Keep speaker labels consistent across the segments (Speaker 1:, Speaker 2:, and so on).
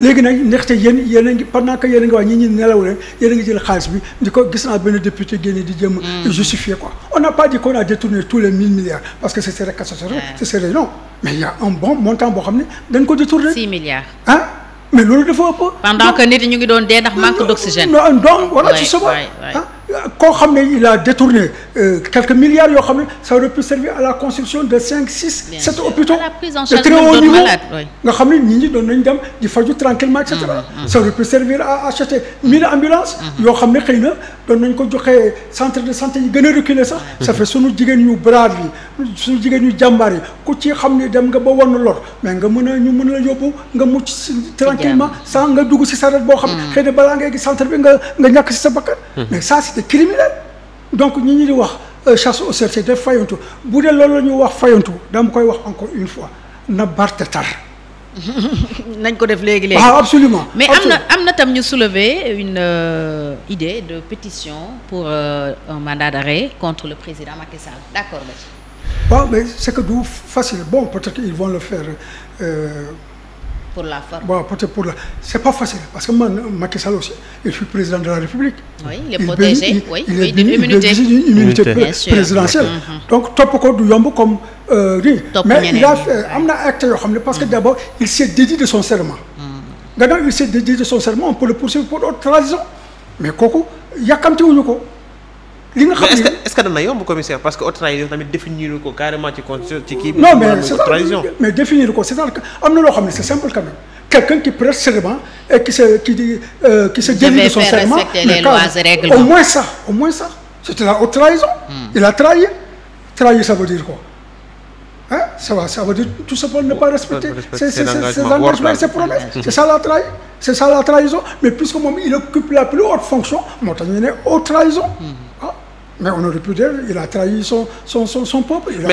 Speaker 1: léegi nag ndaxte yéen yéen a ngi pendant que yéen a ngi wax ñi ñi nelaw rek yéen ngi jël xaalis bi di ko gis naa benn député génne di jëm hmm. justifier quoi on n'a pas dit qu'on a détourné tous les milliards parce que ce serait catastrophique mais il y bon montant boo xam ne dañ ko détourné six milliards ah mais
Speaker 2: loolu dafa ëpp pendant que nit ñu ngi doon dee ndax manque d'oxygène donc voilà c'est ça
Speaker 1: koo xam ne il a détourné euh, quelques milliards yoo xam ne ça aurait pu servir à la construction de cinq six sept hôpitaux de très nga xam nañ mm, mm, mm. servir à acheter mille ambulances yoo xam ne xëy na doon nañ ko joxee centre de santé yi gën a reculé sax ça fait suñu jigéen ñu braar yi suñu jigéen ñu jàmbaar yi ku ci xam ne dem nga ba wann lor mais nga mën a ñu mën la yóbbu nga mucc tranquillement sans nga dugg si saret boo xam ne xëy na balaa ngay gi centre bi nga nga ñàkk si sa bakkan mais génn leen donc ñi ñu di wax euh, chasse aux sorciers def fayantu bu dee la ñu wax fayantu dama koy wax encore une fois na barte tar
Speaker 2: nañ ko def léegi léegi waaw ah, mais am na am na tam ñu soulever une euh, idée de pétition pour euh, un mandat d'arrêt contre le président Macky d'accord mais c'est que du
Speaker 1: facile bon peut-être vont le faire euh, pour la forme. bon peut-être pour la c'est pas facile parce que man Macky Sall aussi il fut président de la République.
Speaker 2: il est protégé d'une immunité présidentielle. Mm-hmm.
Speaker 1: donc topp ko yomb comme nii. Euh, mais il a fait acte yoo ne parce que mm-hmm. d'abord il s'est dédié de son serment. Mm-hmm. gannaaw il s'est dédié de son serment on le poursuivre pour d'autres raisons mais kooku yàkkamtiwuñu ko.
Speaker 2: li nga xam ne est-ce que dana yomb commissaire parce que haute trahison tamit définir ko carrément ci constitution mais c'est trahison
Speaker 1: mais c'est-à-dire que quelqu'un qui prête serment et qui se qui euh, son serment au moins ça au moins ça c'était la haute trahison. Hmm. il a trahi trahi ça veut dire quoi hein ça veut dire tout simplement ne pas respecter c'est ça la trahi mais puisque moom il occupe la plus haute fonction moo tax ñu ne haute mais on aurait pu dire il a trahi son son son son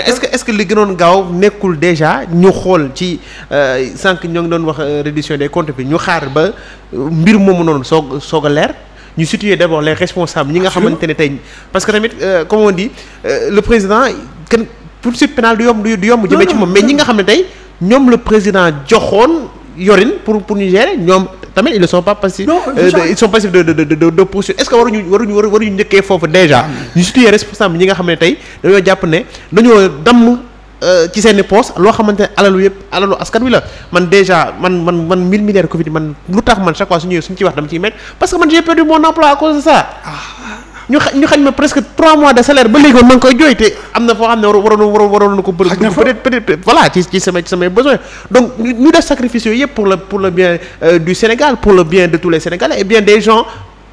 Speaker 2: est-ce que li gënoon gaaw nekkul déjà ñu xool ci euh, sànq ñoo ngi doon wax euh, reddition des comptes bi ñu xaar ba euh, mbir moomu noonu soo soog a leer ñu situer d'abord les responsable ñi nga xamante ne tey parce que tamit comme on dit le président kenn poursuite pénale du yomb du yomb jëmee ci moom mais ñi nga xam ne tey ñoom le président joxoon yorin pour pour ñu gérer ñoom tamit ils ne sont pas passifs. non euh, ils sont passifs de de de de de est-ce que waruñu waruñu waruñu njëkkee foofu déjà. Ah, ñu situé responsable ñi nga xam ne tey dañoo jàpp ne dañoo damm. Euh, ci seeni poos loo xamante ne alalu yëpp alalu askan wi la man déjà man man man mille milliards Covid man lu tax man chaque fois su ñëwee suñu ci wax dama ciy met parce man j'ai perdu mon emploi à cause de ça. Ah. ñu xa ñu xañ ma presque trois mois de salaire ba léegi man maa ngi koy jooy te am na foo xam ne waroon waroon waroon na ko. peut être peut être voilà ci ci samay ci samay besoin donc ñu def sacrifice yooyu yëpp pour le pour le bien euh, du Sénégal pour le bien de tous les Sénégalais et bien des gens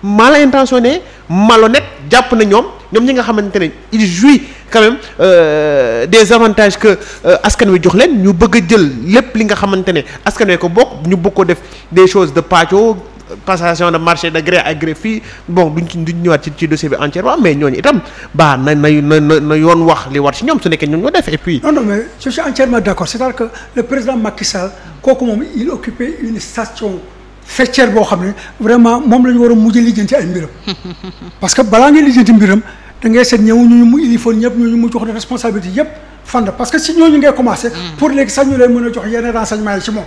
Speaker 2: mal intentionnés malhonnêtes jàpp na ñoom ñoom ñi nga xamante ne il jouit quand même euh, des avantages que euh, askan wi jox leen ñu bëgg a jël lépp li nga xamante ne askan wi ko bokk ñu bëgg ko def des choses de pàccoo. passation de marché de gré à gré fii bon duñ ci duñ ñëwaat ci ci dossier bi entièrement mais ñooñu itam baa na na na na yoon wax li war ci ñoom su nekkee ñoom ñoo def et puis. non non mais
Speaker 1: je suis entièrement d'accord cest à que le président Macky kooku moom il occupait une station faîtière boo xam ne vraiment moom la ñu war a lijjanti ay mbiram. parce que balaa ngay lijjanti mbiram da seet ñëw ñu mu ilifoon ñëpp ñu mu jox responsabilité yëpp mm. ñu lay a jox yenn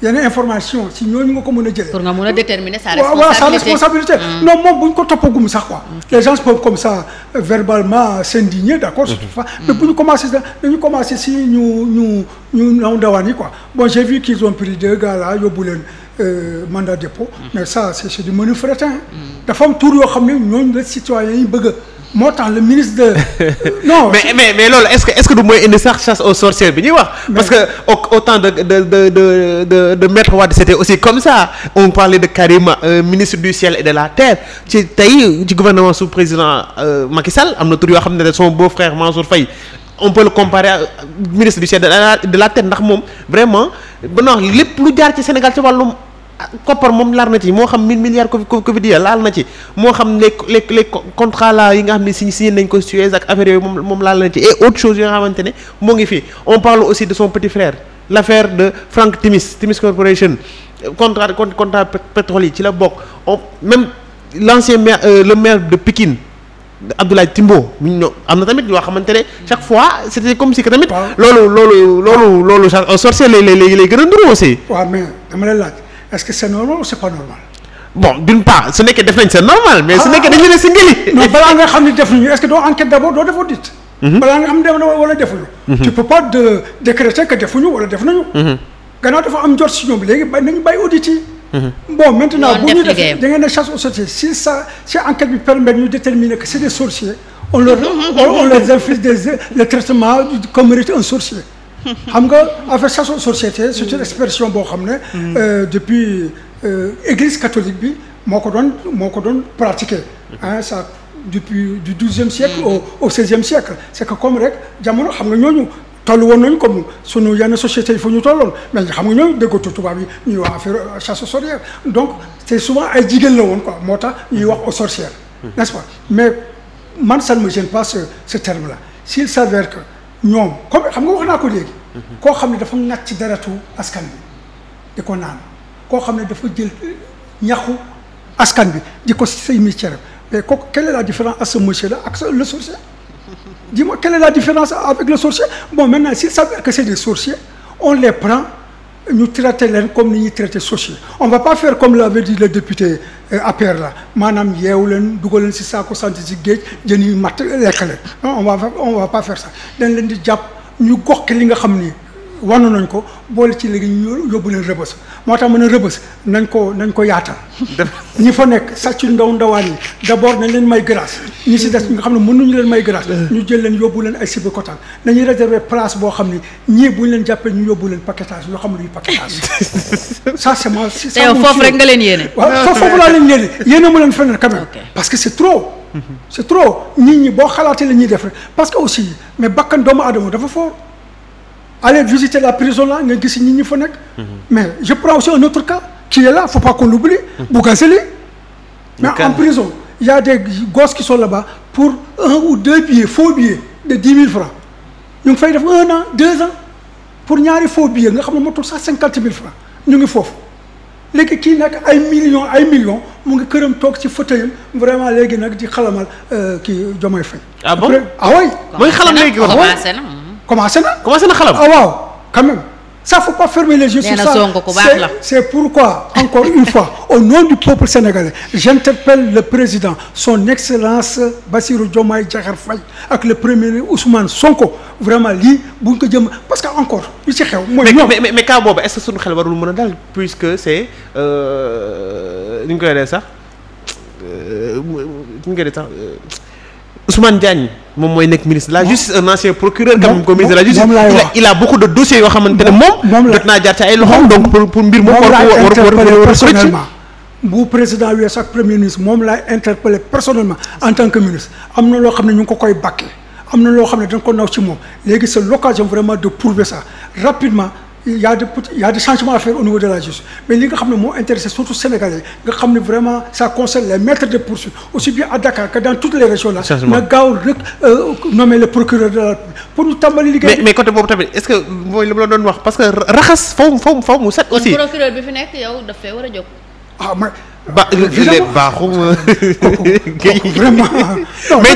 Speaker 1: yenn information si ñooñu nga ko mën a jëlee. pour
Speaker 2: nga mën a déterminer
Speaker 1: sa responsabilité waaw sa responsabilité. Mm. moom bu ñu ko toppagum sax quoi. les gens comme ça euh, verbalement s'indigner d'accord. Mm-hmm. surtout fa bu ñu commencé dañu commencé si ñu ñu ñu naw ndawaan yi quoi bon j'ai vu qu'ils ont pris deux gars là yóbbu leen euh, mandat dépôt. Mm. mais ça c'est du menu fretin. Mm. dafa mu tur yoo xam ne ñooñu la citoyens yi bëgg moo tax le ministre de.
Speaker 2: non mais mais mais loolu est-ce que est-ce que du mooy indi sax chasse aux bi ñuy wax. parce que au au temps de de de de de de maître aussi comme ça on parlait de Karim euh, ministre du ciel et de la terre ci tey ci gouvernement sous président euh, Macky Sall am na tur yoo xam ne son beau-frère Mansour Faye on peut le comparer euh, ministre du ciel de la terre ndax moom vraiment ba na wax lu jaar ci Sénégal ci wàllum. koppar moom laal na ci moo xam 1000 milliards Covid Covid yi laal na ci moo xam les les les yi nga xam ne signé signé nañ ko Suez ak affaire yooyu moom moom laal na ci et autre chose yoo xamante ne moo ngi fi on parle aussi de son petit frère l'affaire de Frank Timis Timis Corporation contrat contrat pétrole yi ci la bokk on même l'ancien maire euh, le maire de Pikine Abdoulaye Timbo ñu am na tamit yoo xamante ne chaque fois c'était comme si que tamit. loolu loolu loolu lay
Speaker 1: lay lay a est que c'est normal ou c'est pas normal.
Speaker 2: bon d'une part su nekkee def nañ c'est normal. mais su ah. nekkee dañu ne si ngëli. non balaa
Speaker 1: nga xam ne def nañu que doo enquête d'abord doo def mhm. mhm. tu peux pas de décréter que defuñu wala def nañu. Mhm. gannaaw dafa am jot si ñoom léegi ba bon maintenant bu ñu defee da ngeen a chasse si enquête bi permet ñu déterminer que c'est des sorciers on leur on leur inflige des les xam nga en fait chaque société c'est une expression boo xam ne mm-hmm. euh, depuis euh, église catholique bi moo ko doon moo ko doon pratiquer ah ça depuis du douzième siècle mm-hmm. au au seizième siècle c'est que comme rek jamono xam nga ñooñu toll woon nañu comme sunu yenn société yi fu ñu tolloon mais xam nga ñooñu déggatu tubaab yi ñuy wax affaire chasse aux sorcières donc c'est souvent ay jigéen la woon quoi moo tax ñuy wax aux sorcières mm-hmm. n'est-ce pas mais man salma ne me gêne pas ce ce terme là s'il s'avère que ñoom comme xam nga wax naa ko léegi. Mhm. koo xam ne dafa ŋàcc ci deretu askan bi di ko koo xam ne dafa jël ñaxu askan bi di ko say ministère mais kooku quelle est la différence à ce monsieur là ak le sorcier dis-moi quelle est la différence avec le sorcier bon maintenant s'il s'avère que c'est des sorciers on les prend. ñu traité leen comme ni ñu traité sociaux on va pas faire comme l'avait dit le député euh, APR là maanaam yeewu leen dugal leen si saako sant si géej jën yu matt lekk leen non on va on va ça dañ leen di jàpp ñu gox li nga xam ni wanu nañ ko boole ci léegi ñu yóbbu leen rëbës moo tax mu ne rëbës nañ ko nañ ko yaatal ñi fa nekk sa sàcc ndaw ndawaan yi d'abord nañ leen may grâce ñi si des xam ne mënuñu leen may ñu jël leen yóbbu leen ay Sébikotane nañuy réserver place boo xam ne ñii bu ñu leen jàppee ñu yóbbu leen paquetage yoo xam ne luy paquetage ça c'est moi foofu rek nga leen yéene waaw foofu laa leen yéene yéene ma leen feneen quand même parce que c'est trop c'est trop nit ñi boo xalaatee la ñuy def rek parce que aussi mais bakkan doomu aadama dafa fort aller visiter la prison là nga gis ñi ñi fa nekk. mais je prends aussi un autre cas qui est là faut pas qu'on l'oublie. Bougazelli. mais en prison il y a des gosses qui sont là-bas pour un ou deux billets faux billets de dix mille francs ñu ngi fay def un an deux ans pour ñaari faux billets nga xam ne motul sax cinquante mille francs ñu ngi foofu. léegi kii nag ay millions ay millions mu ngi këram toog ci fauteuil vraiment léegi nag di xalamal euh, kii Diomaye Faye. ah bon ah oui. mooy xalam commencé na. commencé na xalam ah waaw quand même ça faut pas fermer les yeux sur ça c'est pourquoi encore une fois au nom du peuple sénégalais j'interpelle le président son excellence Bassirou Diomaye Diakhar Faye ak le premier Ousmane Sonko vraiment lii bu ñu ko jëm parce que encore li si xew mooy ñoom
Speaker 2: mais mais cas boobu est-ce que suñu xel warul mën a dal puisque c'est euh, ni ñu koy dee sax euh, sax euh, Ousmane Diagne moom mooy nekk ministre de la justice un ancien procureur quand même comme ministre de la justice il a beaucoup de yoo xamante ne moom jot naa jaar ci ay loxoom donc pour pour mbir moom
Speaker 1: laay interpellé personnellement en tant ministre am na loo xam ne ñu ngi ko koy bàkkee am na loo xam ne dañ ko naw ci moom léegi c'est l'occasion vraiment de prouver ça rapidement il y a des il y a au niveau de la justice mais li nga xam ne moo intéressé surtout Sénégalais nga xam ne vraiment ça concerne les maîtres de poursuite aussi bien à Dakar que dans toutes les
Speaker 2: régions là. na gaaw rek euh, nommer le procureur de la pour ñu tàmbali liggéey. mais mais côté boobu tamit est-ce que mooy li ma la doon wax parce que raxas faw mu faw mu faw mu set. aussi procureur bi fi nekk yow a jóg. ah mais.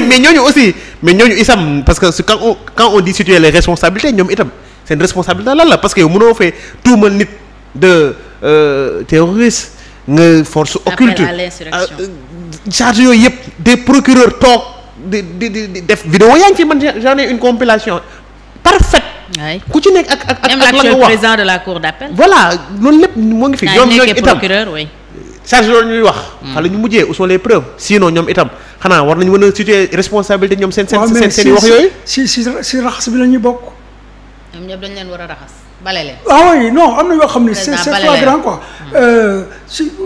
Speaker 2: mais ñooñu aussi mais ñooñu isam parce que quand on quand itam. seen responsabilité lan la parce que yow mënoo fee tuumal nit de euh, terroriste nga force occulte euh, charge yooyu yëpp des procureurs toog di di di def vidéo yaa ngi ci man j'en ai une compilation parfaite ku ci nekk ak ak ak la nga wax président de la cour d'appel voilà loolu lépp moo ngi fi ñoom ñooy itam charge loolu ñuy wax xale hmm. ñu mujjee où sont les preuves sinon ñoom itam xanaa war nañu mën a situer responsabilité ñoom seen seen seen seen i wax yooyu
Speaker 1: si si raxas bi la ñuy bokk
Speaker 2: ñoom ñëpp dañ leen war a raxas bale leen.
Speaker 1: ah non am na yoo xam ne c'est c'est flagrant quoi. Hmm. Euh,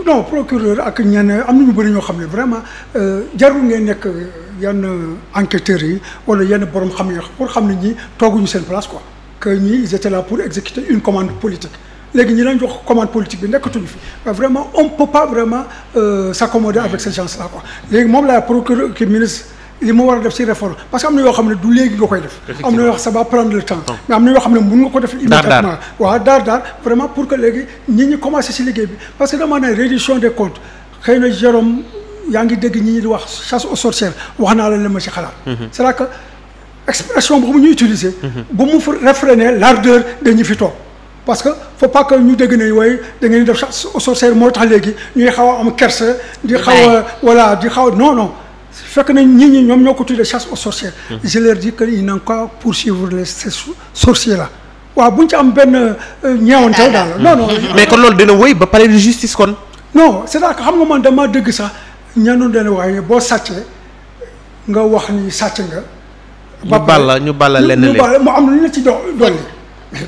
Speaker 1: non procureur ak ñenn am na ñu bëri ñoo xam ne vraiment euh, jarul ngay nekk euh, yenn enquêteurs yi wala yenn borom xam yi pour xam ne ñi tooguñu seen place quoi que ñi ils étaient là pour exécuter une commande politique. léegi ñi leen jox commande politique bi nekkatuñu fi vraiment on peut pas vraiment s'accommoder avec ces gens là quoi léegi moom laa procureur ki ministre. li ma war a def si réforme parce que am na yoo xam ne du léegi nga koy def. am na yoo xam ça va prendre le temps. mais am na yoo xam ne mun nga ko def. immédiatement waaw daar daar vraiment pour que léegi ñi ñi commencé si liggéey bi parce que dama ne reddition des comptes xëy na yaa ngi dégg ñi ñi di wax chasse aux sorcières wax naa la li ma ci xalaat. Mhm. c'est-à-dire que expression boobu ñu utiliser. Mhm. bu mu réfréner l'ardeur de ñi fi toog. parce que faut pas que ñu dégg ne waaye da ngeen def chasse aux sorcières moo tax léegi ñuy xaw a am kersa. di xaw a voilà di xaw non non. fekk nañ nit ñi ñoom ñoo ko tuddee chasse aux sorcières. Hmm. je leur dis que ils n'ont qu'à poursuivre les ces sorciers waaw bu ñu ci am benn euh, ñeewanteel ah, ah. daal non non. Hmm. mais kon
Speaker 2: loolu dina wéy ba palais de justice
Speaker 1: kon. non c'est-à-dire xam nga man dama dëgg sax ñaanu dañu waaye boo sàccee nga wax ni sàcc nga.
Speaker 2: ba la ñu balla lenn leen
Speaker 1: mu am lu ñu ci do dolli.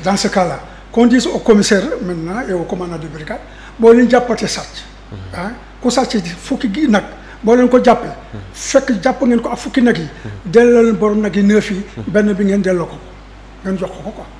Speaker 1: dans ce cas là qu'on dise au commissaire maintenant et au commandant de brigade boo leen jàppatee sàcc. Hmm. ah ku sàcc fukki gi nag. boo leen ko jàppee fekk jàpp ngeen ko ak fukki nag yi la leen borom nag yi neuf yi benn bi ngeen delloo ko ngeen jox ko ko